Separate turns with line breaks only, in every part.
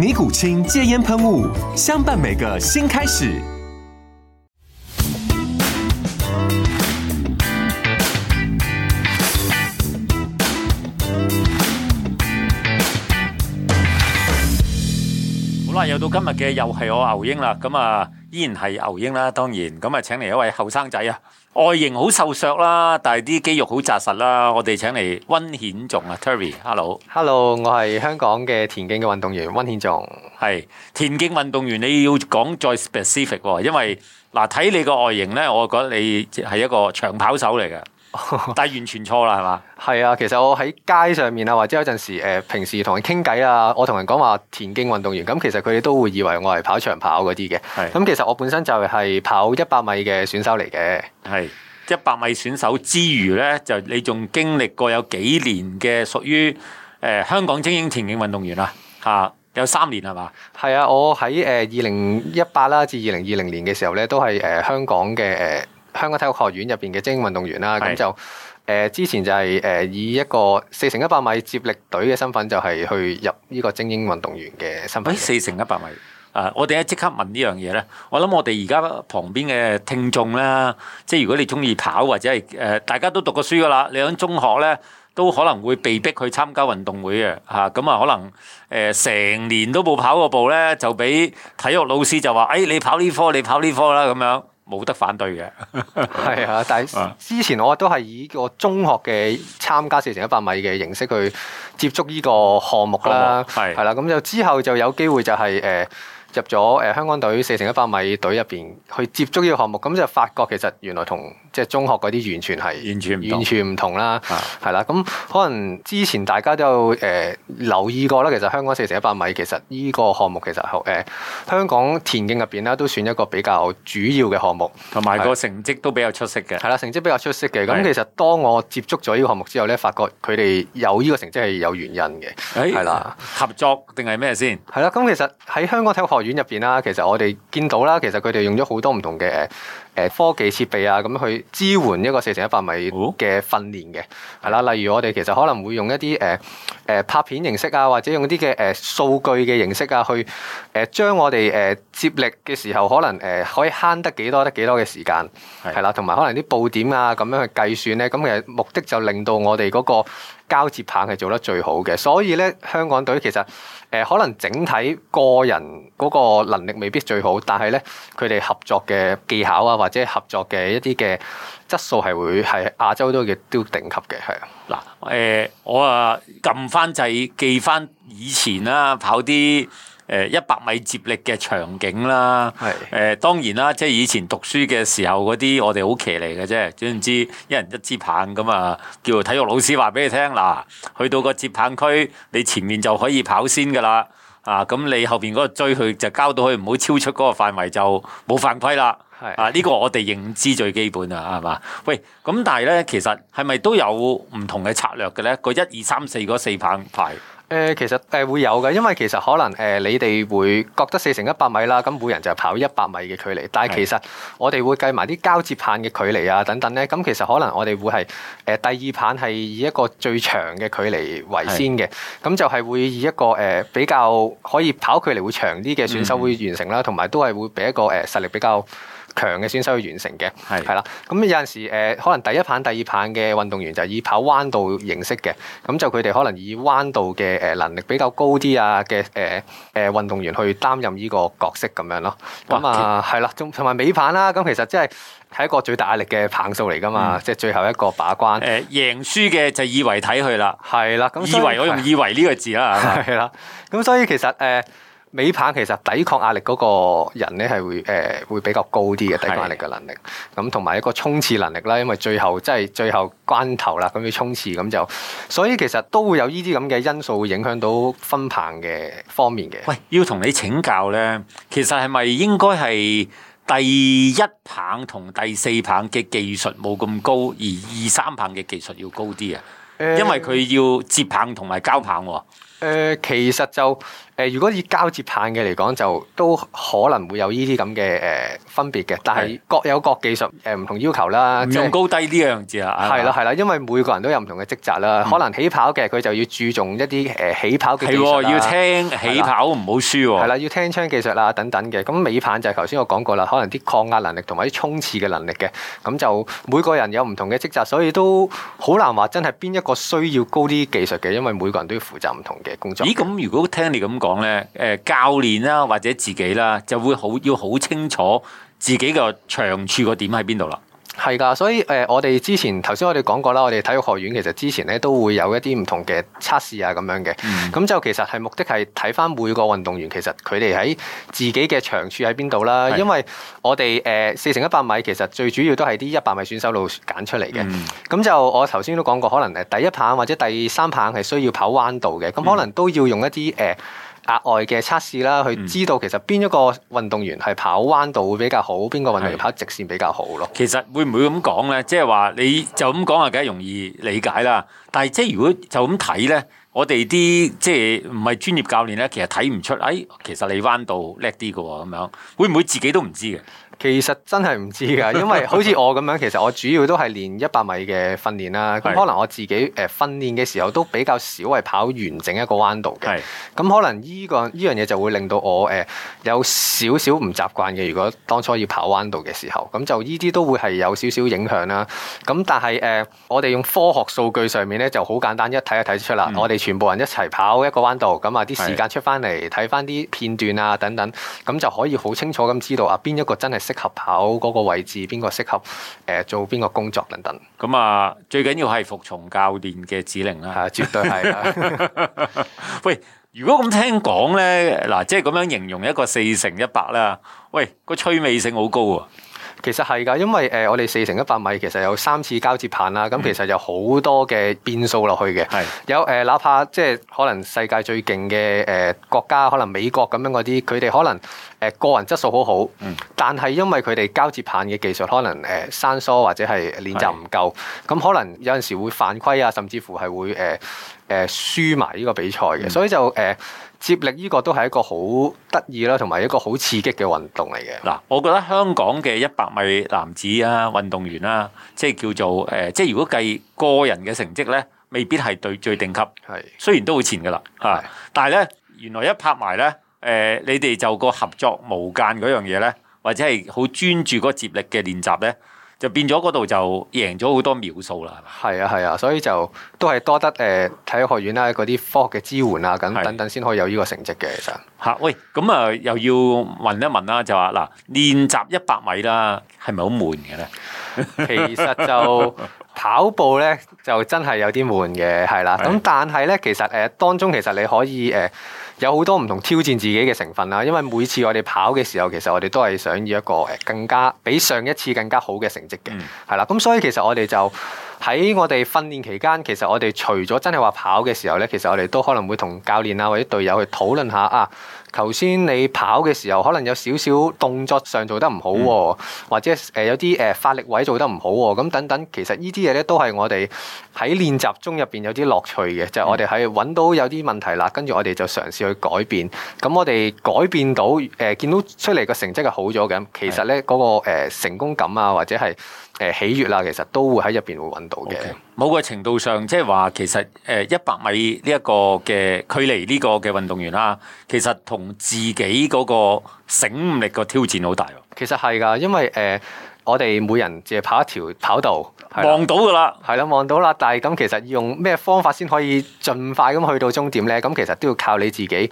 尼古清戒煙噴霧，相伴每個新開始。
好啦，又到今日嘅又係我牛英啦，咁啊依然係牛英啦，當然咁啊請嚟一位後生仔啊。外形好瘦削啦，但係啲肌肉好紮實啦。我哋請嚟溫顯頌啊，Terry，hello，hello，我係香港嘅田徑嘅運動員溫顯頌。係田徑運動員，你要講再 specific，因為嗱，
睇你個外形咧，我覺得你係一個長跑手嚟㗎。 但係完全錯啦，係嘛？係啊，其實我喺街上面啊，或者有陣時誒、呃，平時同人傾偈啊，我同人講話田徑運動員，咁其實佢哋都會以為我係跑長跑嗰啲嘅。係是，咁、嗯、其實我本身就係跑一百米嘅選手嚟嘅。係一百米選手之餘呢，就你仲
經歷過有幾年嘅屬於誒、呃、香港精英田徑運動員啊？吓，有三年係嘛？
係啊，我喺誒二零一八啦至二零二零年嘅時候呢，都係誒、呃、香港嘅誒。呃香港體育學院入邊嘅精英運動員啦，咁就誒之前就係誒以一個四乘一百米接力隊嘅身，身份，就係去入呢個精英運動員嘅身份。誒四乘一百米啊！我哋一即刻問呢樣嘢咧，我諗我哋而家旁
邊嘅聽眾啦，即係如果你中意跑或者係誒、呃、大家都讀過書噶啦，你響中學咧都可能會被逼去參加運動會嘅嚇，咁啊、嗯、可能誒成、呃、年都冇跑過步咧，就俾體育老師就話：誒你跑呢科，你跑呢科啦咁樣。
冇得反對嘅，係啊！但係之前我都係以個中學嘅參加四乘一百米嘅形式去接觸呢個項目啦，係係啦，咁就之後就有機會就係、係、誒。呃入咗誒、呃、香港隊四乘一百米隊入邊去接觸呢個項目，咁、嗯、就、嗯、發覺其實原來同即係中學嗰啲完全係完全唔同，同啦，係啦、啊。咁、嗯、可能之前大家都有誒、呃、留意過啦。其實香港四乘一百米其實呢個項目其實好誒、呃、香港田徑入邊啦，都算一個比較主要嘅項目，同埋個成績都比較出色嘅。係啦，成績比較出色嘅。咁、嗯、的其實當我接觸咗呢個項目之後咧，發覺佢哋有呢個成績係有原因嘅。係啦、哎，合作定係咩先？係啦。咁其實喺香港體育學院入邊啦，其實我哋見到啦，其實佢哋用咗好多唔同嘅科技設備啊，咁去支援一個四乘一百米嘅訓練嘅，係啦、哦。例如我哋其實可能會用一啲誒誒拍片形式啊，或者用啲嘅誒數據嘅形式啊，去誒將、呃、我哋誒、呃、接力嘅時候可能誒、呃、可以慳得幾多得幾多嘅時間，係啦的。同埋可能啲布點啊咁樣去計算咧，咁嘅目的就令到我哋嗰個交接棒係做得最好嘅。所以咧，香港隊其實誒、呃、可能整體個人嗰個能力未必最好，但係咧佢哋合作嘅技巧啊或即係合作嘅一啲嘅質素係會係亞洲都亦都頂級嘅係啊。嗱
誒我啊撳翻掣記翻以前啦、啊、跑啲誒一百、呃、米接力嘅場景啦係誒的、呃、當然啦即係以前讀書嘅時候嗰啲我哋好騎嚟嘅啫，總言之一人一支棒咁啊，叫體育老師話俾你聽，嗱，去到個接棒區，你前面就可以先跑先噶啦啊，咁你後邊嗰個追去就交到去，唔好超出嗰個範圍就冇犯規啦。係啊，呢、這個我哋認知最基本啊，係嘛？喂，咁但係咧，其實係咪都有唔同嘅策略嘅咧？個一二三四嗰四棒排，
誒、呃，其實誒會有嘅，因為其實可能誒、呃、你哋會覺得四乘一百米啦，咁每人就跑一百米嘅距離，但係其實我哋會計埋啲交接棒嘅距離啊等等咧，咁、嗯、其實可能我哋會係誒、呃、第二棒係以一個最長嘅距離為先嘅，咁是就係會以一個誒、呃、比較可以跑距離會長啲嘅選手會完成啦，同埋、嗯嗯、都係會俾一個誒實力比較強嘅選手去完成嘅，係係啦，咁有陣時，誒、呃，可能第一棒、第二棒嘅運動員就以跑彎道形式嘅，咁就佢哋可能以彎道嘅，誒，能力比較高啲啊嘅，誒、呃，誒、呃，運動員去擔任呢個角色咁樣咯，咁啊，係啦哇，同埋尾棒啦，咁其實即係係一個最大壓力嘅棒數嚟噶嘛，即係、嗯、最後一個把關。誒、呃，贏輸嘅就以為睇佢啦，係啦，咁以，以為我用以為呢個字啦，係啦，咁所以其實誒。呃尾棒其實抵抗壓力嗰個人咧係會誒、呃、會比較高啲嘅抵抗壓力嘅能力，咁同埋一個衝刺能力啦，因為最後即係最後關頭啦，咁要衝刺，咁就所以其實都會有呢啲咁嘅因素會影響到分棒嘅方面嘅。喂，要同你請教咧，其實係咪應該係第一
棒同第四棒嘅技術冇咁高，而二三棒嘅技術要高啲啊？呃、
因為佢
要接棒同埋交棒喎、啊
呃。其實就。誒，如果以交接棒嘅嚟講，就都可能會有呢啲咁嘅誒分別嘅，但係各有各技術誒唔、呃、同要求啦。仲高低呢樣字啊？係啦係啦，因為每個人都有唔同嘅職責啦，嗯、可能起跑嘅佢就要注重一啲誒起跑嘅技術啦。係喎，要聽起跑唔好的輸喎。係啦，要聽槍技術啦等等嘅。咁尾棒就係頭先我講過啦，可能啲抗壓能力同埋啲衝刺嘅能力嘅。咁就每個人有唔同嘅職責，所以都好難話真係邊一個需要高啲技術嘅，因為每個人都要負責唔同嘅工作。咦？咁如果聽你咁講。講咧，
誒，教練啦，或者自己啦，就會好要好清楚自己個
長處個點喺邊度啦。係噶，所以誒，我哋之前頭先我哋講過啦，我哋體育學院其實之前咧，都會有一啲唔同嘅測試啊，咁樣嘅。咁就其實係目的係睇返每個運動員其實佢哋喺自己嘅長處喺邊度啦。是的 因為我哋誒，四乘一百米其實最主要都係啲一百米選手度揀出嚟嘅。咁、嗯、就我頭先都講過，可能誒第一棒或者第三棒係需要跑彎道嘅，咁可能都要用一啲誒。嗯呃額外嘅測試啦，去知道其實邊一個運動員係跑彎道會比較好，邊個運動員跑直線比較好咯。其實會唔會咁講咧？即係話你就咁講啊，梗係容易理解啦。
但係即係如果就咁睇咧，我哋啲即係唔係專業教練咧，其實睇唔
出。哎，其實你彎道叻啲嘅喎，咁樣會唔會自己都唔知嘅？其實真係唔知㗎，因為好似我咁樣， 其實我主要都係練一百米嘅訓練啦。咁 可能我自己誒訓練嘅時候都比較少係跑完整一個彎道嘅。咁 可能依、依個依樣嘢就會令到我誒、呃、有少少唔習慣嘅。如果當初要跑彎道嘅時候，咁就呢啲都會係有少少影響啦。咁但係誒、呃，我哋用科學數據上面咧就好簡單一睇一睇一睇，一睇就睇出啦。我哋全部人一齊跑一個彎道，咁啊啲時間出翻嚟，睇翻啲片段啊等等，咁就可以好清楚咁知道啊邊一個真係。適合跑嗰個位置，邊個適合誒、呃、做邊個工作等等。咁啊，
最緊要係服從教練嘅指令啦、啊，係、啊、絕對係啦。 喂，如果咁聽講咧，
嗱，即係咁樣形容一個四乘一百啦，喂，個趣味性好高啊！其實係噶，因為誒我哋四乘一百米其實有三次交接棒啦，咁其實有好多嘅變數落去嘅。係是的 有誒、呃，哪怕即係可能世界最勁嘅誒國家，可能美國咁樣嗰啲，佢哋可能誒個人質素好好，嗯、但係因為佢哋交接棒嘅技術可能誒生疏或者係練習唔夠，咁是的 可能有陣時會犯規啊，甚至乎係會誒誒、呃呃、輸埋呢個比賽嘅。嗯、所以就誒。呃接力呢個都係一個好得意啦，同埋一個好刺激嘅運動嚟嘅。嗱，我覺得香港嘅一百
米男子啊，運動員啦、啊，即係叫做誒、呃，即係如果計個人嘅成績咧，未必係對最頂級。係是，雖然都好前噶啦，吓、啊，是但係咧原來一拍埋咧，誒、呃，你哋就個合作無間嗰樣嘢咧，或者係好專注嗰接力
嘅練習咧。就變咗嗰度就贏咗好多秒數啦，係啊係啊，所以就都係多得誒、呃、體育學院啦、嗰啲科學嘅支援啊咁等等，先可以有呢個成績嘅。其實吓、啊，喂咁啊又要問一問、啊、就啦就話嗱練習一百米啦係
咪好悶嘅咧？
啊？其實就跑步咧就真係有啲悶嘅係啦，咁但係咧其實誒當中其實你可以誒。呃有好多唔同挑戰自己嘅成分啦，因為每次我哋跑嘅時候，其實我哋都係想要一個誒更加比上一次更加好嘅成績嘅，係啦、嗯，咁所以其實我哋就喺我哋訓練期間，其實我哋除咗真係話跑嘅時候咧，其實我哋都可能會同教練啊或者隊友去討論下啊。頭先你跑嘅時候，可能有少少動作上做得唔好喎、啊，嗯、或者誒、呃、有啲誒發力位做得唔好喎、啊，咁等等，其實呢啲嘢咧都係我哋喺練習中入邊有啲樂趣嘅，就係、是、我哋喺揾到有啲問題啦，跟住我哋就嘗試去改變，咁、嗯嗯嗯、我哋改變到誒、呃、見到出嚟個成績係好咗嘅，其實咧嗰、嗯那個、呃、成功感啊，或者係。誒喜悅啦，其實都會喺入邊會揾到嘅。Okay. 某個程度上，即
係話其實誒一百米呢一個嘅距離呢個嘅運動員啦，其實
同自己嗰個醒悟力個挑戰好大喎。其實係噶，因為誒、呃、我哋每人淨係跑一條跑道，望到噶啦，係啦，望到啦。但係咁其實用咩方法先可以盡快咁去到終點咧？咁其實都要靠你自己。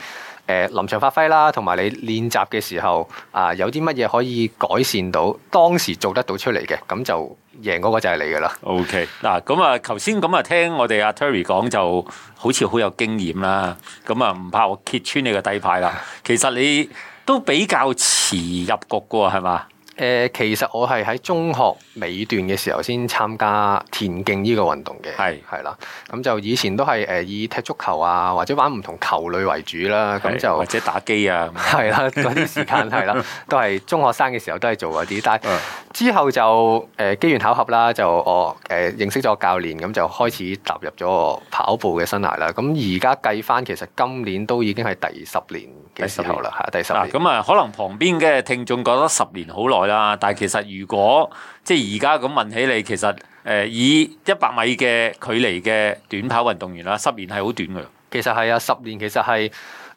誒、呃、臨場發揮啦，同埋你練習嘅時候啊，有啲乜嘢可以改善到當時做得到出嚟嘅，咁就贏嗰個就係你噶啦。OK，嗱咁啊，頭先咁啊，聽我
哋阿 Terry 講就好似好有經驗啦。咁啊，唔怕我揭穿你個底牌啦。
其實你都比較遲入局嘅喎，係嘛？誒，其實我係喺中學尾段嘅時候先參加田徑呢個運動嘅，係係啦。咁就以前都係誒以踢足球啊，或者玩唔同球類為主啦。咁的就或者打機啊，係啦，嗰啲時間係啦， 都係中學生嘅時候都係做嗰啲。但係之後就誒機緣巧合啦，就我誒、呃、認識咗教練，咁就開始踏入咗我跑步嘅生涯啦。咁而家計返，其實今年都已經係第十年嘅時候啦，吓第十年。第十
年咁啊年，可能旁邊嘅聽眾覺得十年好耐。但係其實如果即係而家咁問起你，其實誒、呃、以一百米嘅距離嘅
短跑運動員啦，十年係好短㗎。其實係啊，十年其實係。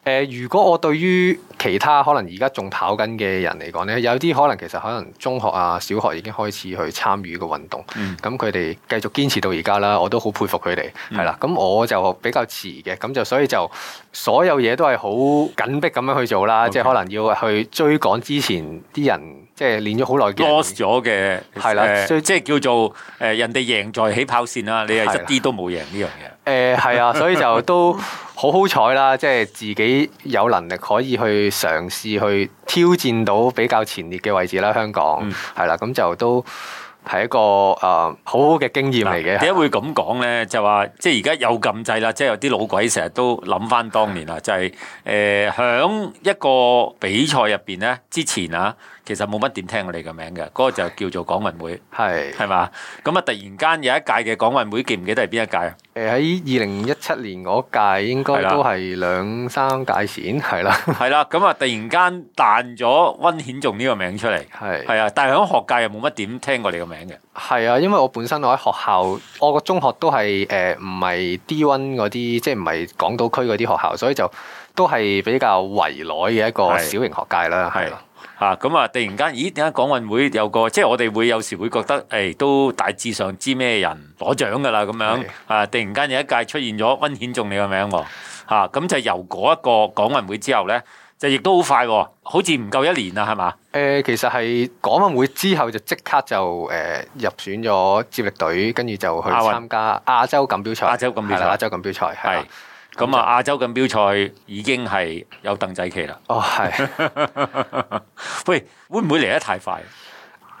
誒，如果我對於其他可能而家仲跑緊嘅人嚟講咧，有啲可能其實可能中學啊、小學已經開始去參與個運動，咁佢哋繼續堅持到而家啦，我都好佩服佢哋，係啦、嗯。咁我就比較遲嘅，咁就所以就所有嘢都係好緊迫咁樣去做啦，Okay. 即係可能要去追趕之前啲人，即、就、係、是、練咗好耐嘅 loss 咗嘅，係啦，最即係叫做誒人哋贏在起跑線啦，你係一啲都冇贏呢樣嘢。誒係啊，所以就都。 好好彩啦，即係自己有能力可以去嘗試去挑戰到比較前列嘅位置啦，香港係啦，咁、嗯、就都係一個誒、呃、好好嘅經驗嚟嘅。點解會咁講呢？就話
即係而家有禁制啦，即係有啲老鬼成日都諗翻當年啊，嗯、就係誒響一個比賽入邊呢之前啊。其實冇乜點聽過你個名嘅，嗰個就叫做港運會，係，係嘛？咁啊，突然間有一屆嘅港運會，記唔記得係邊一屆啊？
誒，喺二零一七年嗰屆應該都係兩三屆前，係啦，
係啦，咁啊，突然間彈咗溫顯頌呢個名出嚟，係係啊，但係響學界又
冇乜點聽過你個名嘅，係啊，因為我本身我喺學校，我個中學都係誒唔係 D1 嗰啲，即係唔係港島區嗰啲學校，所以就都係比較圍內嘅一個小型學界啦，係。啊，咁啊，突然間，咦？點解港運會有個，即係
我哋會有時會覺得，誒、哎，都大致上知咩人攞獎㗎啦，咁樣是啊！突然間有一屆出現咗溫顯頌你個名喎，咁、啊、就、嗯啊、由嗰一個港運會之後咧，就亦都好快喎，好似唔夠一年啦，係嘛？
誒，其實係港運會之後就即刻就誒入選咗接力隊，跟住就去參加亞洲錦標賽。亞洲錦標賽，亞洲錦標賽，係。咁啊，亞洲錦標賽已經係有鄧仔期啦。哦，係， 喂，會唔會嚟得太快？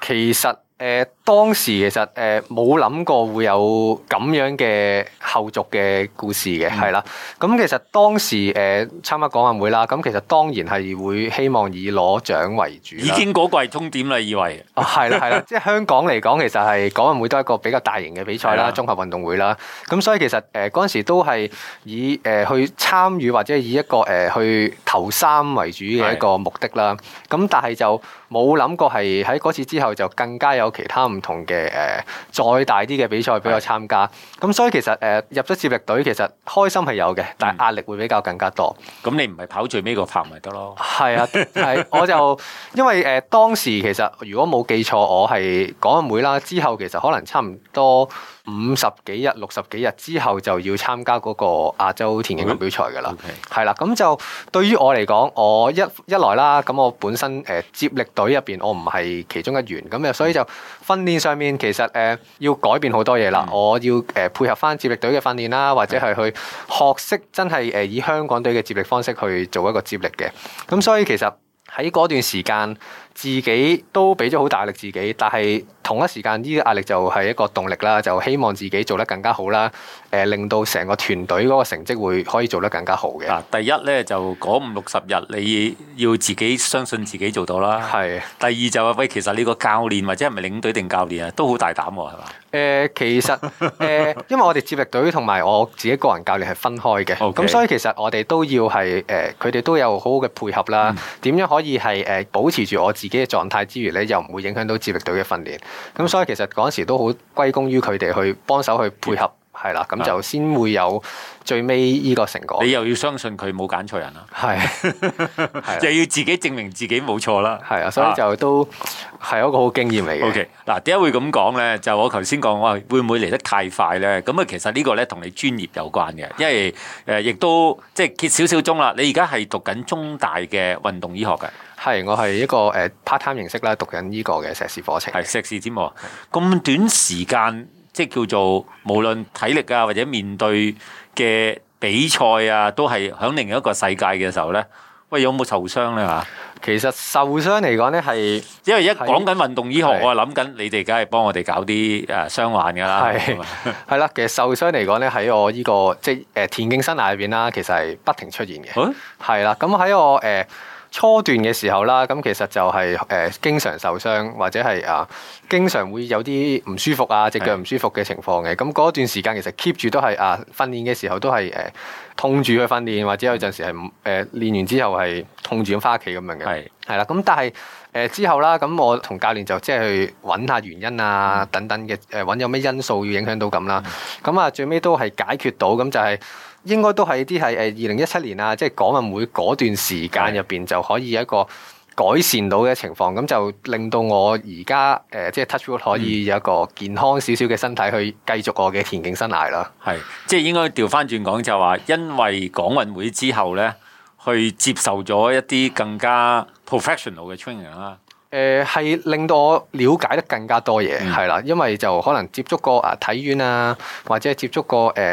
其實。誒，當時其實誒冇諗過會有咁樣嘅後續嘅故事嘅，係啦、嗯。咁其實當時誒，參加港運會啦，咁其實當然係會希望以攞獎為主。已經嗰個係終點啦，以為係啦係啦，即 係香港嚟講，其實係港運會都係一個比較大型嘅比賽啦，綜的合運動會啦。咁所以其實誒嗰陣時都係以誒、呃、去參與或者以一個誒、呃、去投三為主嘅一個目的啦。咁的但係就。冇諗過，係喺嗰次之後就更加有其他唔同嘅誒、呃、再大啲嘅比賽俾我參加。咁的所以其實誒、呃、入咗接力隊其實開心係有嘅，但係壓力會比較更加多。咁、嗯、你唔係跑最尾個棒咪得咯？係啊， 係我就因為誒、呃、當時其實如果冇記錯，我係講運會啦。之後其實可能差唔多五十幾日、六十幾日之後就要參加嗰個亞洲田徑嘅比賽噶啦。係啦 Okay.，咁就對於我嚟講我一一來啦，咁我本身誒接力隊入邊，我唔係其中一員，咁又所以就訓練上面，其實誒、呃、要改變好多嘢啦。嗯、我要誒、呃、配合翻接力隊嘅訓練啦，或者係去學識真係誒以香港隊嘅接力方式去做一個接力嘅。咁所以其實喺嗰段時間。自己都俾咗好大力，自己，但係同一時間呢個壓力就係一個動力啦，就希望自己做得更加好啦，誒、呃、令到成個團隊嗰個成績會可以做得更加好嘅。第一咧就嗰五六十日
你要自己相信自己做到啦。係是。第二就係、是、喂，其實呢個教練或者係咪領隊定教練啊，都好大膽喎，係
嘛？誒、呃，其實誒，呃、 因為我哋接力隊同埋我自己個人教練係分開嘅，咁 Okay. 所以其實我哋都要係誒，佢、呃、哋都有好好嘅配合啦，點、嗯、樣可以係誒保持住我。自己嘅狀態之餘咧，又唔會影響到接力隊嘅訓練，咁所以其實嗰陣時都好歸功於佢哋去幫手去配合。係啦，咁就先會有最尾呢個成果。你又要相信佢冇揀錯人啦，係
又要自己證明自己冇錯啦，係啊，所以就都係一個好經驗嚟嘅。O K，嗱點解會咁講咧？就我頭先講，我話會唔會嚟得太快咧？咁啊，其實個呢個咧同你專業有關嘅，因為誒亦、呃、都即係揭少少鐘啦。你而家係讀緊中大嘅運動醫學嘅，係我係一個誒、uh, part time 形式啦，讀緊呢個嘅碩士課程，係碩士節目咁短時間。即係叫做無論體力啊或者面對嘅比賽啊，都係響另一個世界嘅時候咧。喂，有冇受傷咧？啊，其實受傷嚟講咧係，因為而家講緊運動醫學，我諗
緊你哋梗係幫我哋搞啲誒傷患噶啦。係係啦，其實受傷嚟講咧喺我呢個即係誒田徑生涯入邊啦，其實係不停出現嘅。係啦、啊，咁喺我誒。呃初段嘅時候啦，咁其實就係、是、誒、呃、經常受傷或者係啊，經常會有啲唔舒服，腳舒服的啊，隻腳唔舒服嘅情況嘅。咁嗰段時間其實 keep 住都係啊，訓練嘅時候都係誒、呃、痛住去訓練，或者有陣時係唔誒練完之後係痛住咁翻屋企咁樣嘅。係係啦，咁但係誒、呃、之後啦，咁我同教練就即係去揾下原因啊，嗯、等等嘅誒揾有咩因素要影響到咁啦。咁啊、嗯嗯、最尾都係解決到，咁就係、是。應該都係啲係誒二零一七年啊，即係港運會嗰段時間入邊就可以一個改善到嘅情況，咁就令到我而家誒即係 touchwood 可以有一個健康少少嘅身體去繼續我嘅田徑生涯啦。係，即係
應該調翻轉講就話，因為港運會之後咧，去接受咗一啲更加 professional 嘅 training 啦。
誒係令到我了解得更加多嘢，係啦、嗯，因為就可能接觸過啊體、呃、院啊，或者接觸過誒、呃、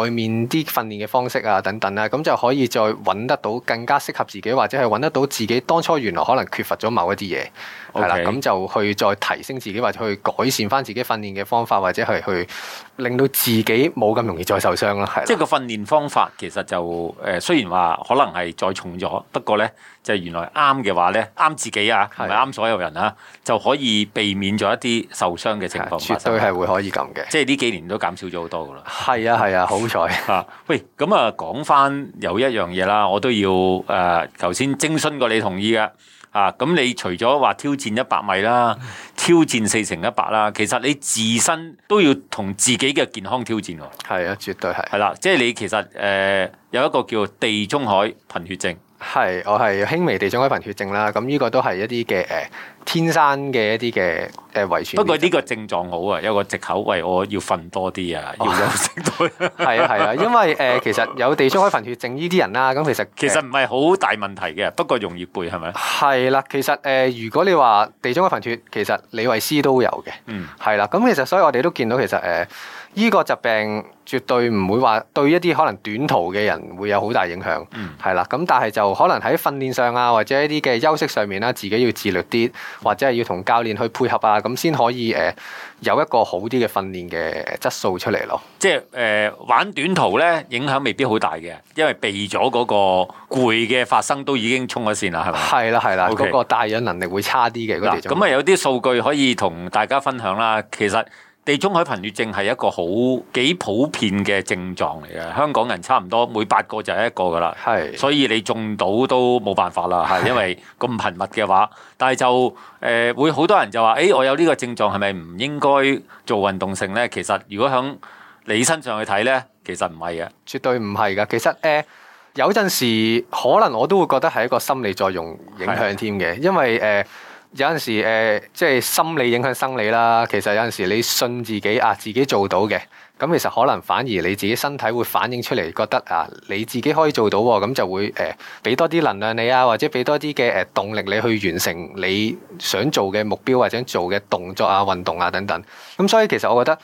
外面啲訓練嘅方式啊等等啊，咁就可以再揾得到更加適合自己，或者係揾得到自己當初原來可能缺乏咗某一啲嘢，係啦 Okay.，咁就去再提升自己或者去改善翻自己訓練嘅方法，或者係去，去令到自己冇咁容易再受傷啦。係。即係
個訓練方法其實就誒、呃，雖然話可能係再重咗，不過咧。就原來啱嘅話咧，啱自己啊，唔係啱所有人啊，的就可以避免咗一啲受傷嘅情況發生。絕對係會可以咁嘅，即係呢幾年都減少咗好多噶啦。係啊，係啊，好彩嚇。喂，咁、嗯、啊，講翻有一樣嘢啦，我都要誒頭先徵詢過你同意嘅嚇。咁、啊、你除咗話挑戰一百米啦， 挑戰四乘一百啦，其實你自身都要同自己嘅健康挑戰喎。係啊，絕對係。係啦，即、就、係、是、你其實誒有一個叫做地中海貧血症。係，我係
輕微地中海貧血症啦，咁呢個都係一啲嘅誒天生嘅一啲嘅誒遺傳。不過呢個症狀好啊，有個藉口，為我要瞓多啲啊，哦、要休息多、 啊。係啊係啊，因為誒、呃、其實有地中海貧血症呢啲人啦，咁其實 其實唔係好大問題嘅，不過容易背係咪？係啦、啊，其實誒、呃、如果你話地中海貧血，其實李慧詩都有嘅。嗯、啊，係啦，咁其實所以我哋都見到其實誒。呃呢個疾病絕對唔會話對一啲可能短途嘅人會有好大影響，係啦、嗯。咁但係就可能喺訓練上啊，或者一啲嘅休息上面、啊、啦，自己要自律啲，或者係要同教練去配合啊，咁先可以誒、呃、有一個好啲嘅訓練嘅質素出嚟咯。即係誒、呃、
玩短途咧，影響未必好大嘅，因為避咗嗰個攰嘅發生都已經
衝咗線啦，係咪？係啦，係啦，嗰 Okay. 個帶氧能力會差啲嘅
嗰條。嗱，咁啊有啲數據可以同大家分享啦，其實。地中海貧血症係一個好幾普遍嘅症狀嚟嘅，香港人差唔多每八個就係一個噶啦，係。是的 所以你中到都冇辦法啦，係，因為咁頻密嘅話。但係就誒、呃、會好多人就話，誒、欸、我有呢個症狀係咪唔應該做運動性咧？其實如果響你身上去睇咧，其
實唔係嘅，絕對唔係嘅。其實誒、呃、有陣時可能我都會覺得係一個心理作用影響添嘅，是的 因為誒、呃有陣時誒、呃，即係心理影響生理啦。其實有陣時你信自己啊，自己做到嘅，咁其實可能反而你自己身體會反映出嚟，覺得啊，你自己可以做到喎，咁、哦嗯、就會誒，俾、呃、多啲能量你啊，或者俾多啲嘅誒動力你去完成你想做嘅目標或者做嘅動作啊、運動啊等等。咁、嗯、所以其實我覺得。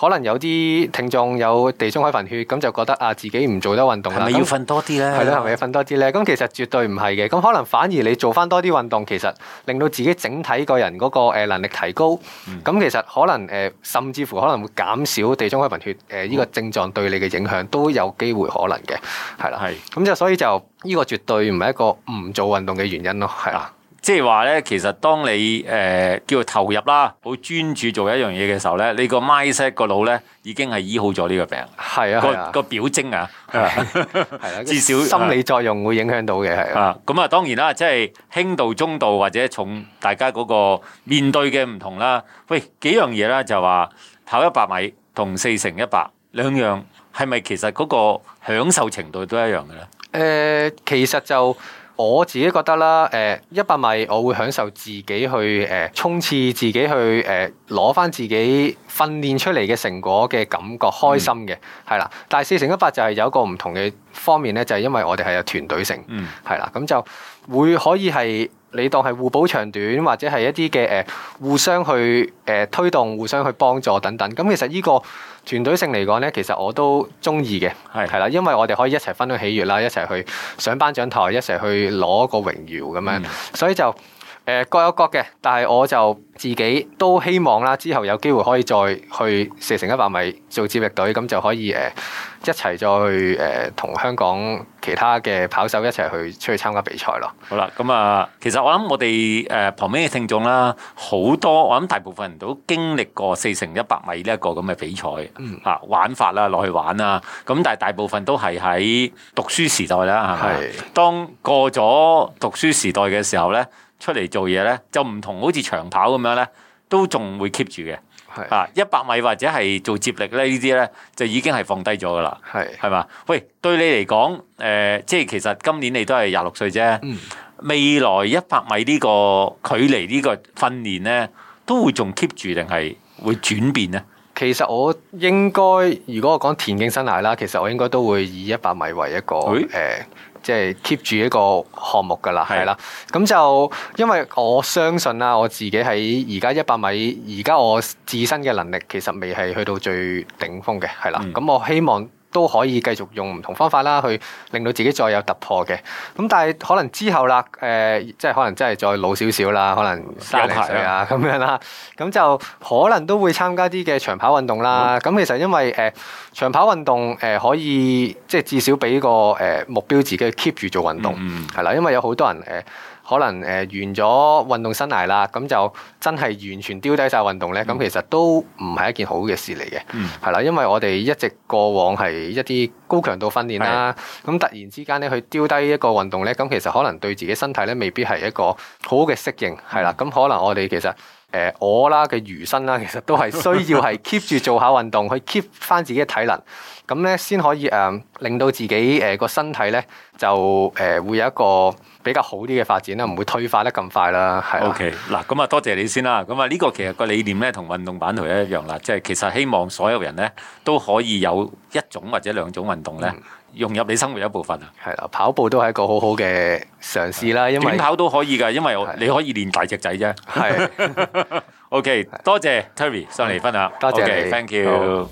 可能有啲聽眾有地中海貧血，咁就覺得啊，自己唔做得運動啦。係咪要瞓
多啲咧？係咯，係咪
要瞓多啲咧？咁其實絕對唔係嘅。咁可能反而你做翻多啲運動，其實令到自己整體個人嗰個誒能力提高。咁、嗯、其實可能誒、呃，甚至乎可能會減少地中海貧血誒依、呃這個症狀對你嘅影響，都有機會可能嘅。係啦，係的。咁就所以就呢、這個絕對唔係一個唔做運動嘅原因咯。係啦。
即係話咧，其實當你誒、呃、叫做投入啦，好專注做一樣嘢嘅時候咧，你個 mindset 個腦咧已經係醫好咗呢個病。係啊，個啊個表徵啊，係啦、
啊， 至少、啊、心理作用會影響到嘅係啊。咁啊，
當然啦，即係輕度、中度或者重，大家嗰個面對嘅唔同啦。喂，幾樣嘢啦，就話跑一百米同四乘一百兩樣係咪
其實嗰個享受程度都一樣嘅咧？誒、呃，其實就。我自己覺得啦，誒一百米我會享受自己去誒衝、呃、刺，自己去誒攞返自己訓練出嚟嘅成果嘅感覺，開心嘅係啦。但係四乘一百就係有一個唔同嘅方面咧，就係、是、因為我哋係有團隊性，係啦、嗯，咁就會可以係。你當係互補長短，或者係一啲嘅誒互相去誒、呃、推動、互相去幫助等等。咁其實呢個團隊性嚟講咧，其實我都中意嘅，係係啦，因為我哋可以一齊分享喜悅啦，一齊去上頒獎台，一齊去攞個榮耀咁樣，嗯、所以就。誒，各有各嘅，但係我就自己都希望啦，之後有機會可以再去四乘一百米做接力隊，咁就可以誒、呃，一齊再去誒同、呃、香港其他嘅跑手一齊去出去參加比賽咯。
好啦，咁、嗯、啊，其實我諗我哋誒旁邊嘅聽眾啦，好多我諗大部分人都經歷過四乘一百米呢一個咁嘅比賽，吓、嗯、玩法啦，落去玩啦，咁但係大部分都係喺讀書時代啦，係嘛，是當過咗讀書時代嘅時候咧。出嚟做嘢咧，就唔同好似長跑咁樣咧，都仲會 keep 住嘅。係是的 啊，一百米或者係做接力咧，呢啲咧就已經係放低咗㗎喇。係，係咪？喂，對你嚟講，誒、呃，即係其實今年你都係廿六歲啫。嗯、未來一百米呢個距離呢個訓練咧，都會仲 keep
住定係會轉變咧？其實我應該，如果我講田徑生涯啦，其實我應該都會以一百米為一個誒。哎呃即係 keep 住一個項目㗎啦，係啦的，咁就因為我相信啦，我自己喺而家一百米，而家我自身嘅能力其實未係去到最頂峰嘅，係啦，咁、嗯、我希望。都可以繼續用唔同方法啦，去令到自己再有突破嘅。咁但係可能之後啦，誒、呃，即係可能真係再老少少啦，可能卅零歲啊咁樣啦，咁就可能都會參加啲嘅長跑運動啦。咁、嗯、其實因為誒、呃、長跑運動誒可以即係至少俾個誒目標自己 keep 住做運動，係、嗯嗯、啦。因為有好多人誒。呃可能誒、呃、完咗運動生涯啦，咁就真係完全丟低晒運動咧。咁、嗯、其實都唔係一件好嘅事嚟嘅，係啦、嗯，因為我哋一直過往係一啲高強度訓練啦，咁的突然之間咧去丟低一個運動咧，咁其實可能對自己身體咧未必係一個好嘅適應，係啦、嗯，咁可能我哋其實。誒、呃、我啦嘅餘生啦，其實都係需要係 keep 住做下運動， 去 keep 翻自己嘅體能，咁咧先可以誒、呃、令到自己誒個身體咧就誒、呃、會有一個比較好啲嘅發展啦，唔會退化得咁快啦。係 OK，嗱咁啊，多謝你先啦。咁啊，呢個其實個理念
咧同運動版圖一樣啦，即係其實希望所有人咧都可以有一種或者兩種運動咧。嗯融入你生活一部分啊，係啦，跑步都係一個好好嘅嘗試啦，的因為短跑都可以噶，因為你可以練大隻仔啫。係，OK，多謝 Terry 上嚟分享，多謝，Thank you、哦。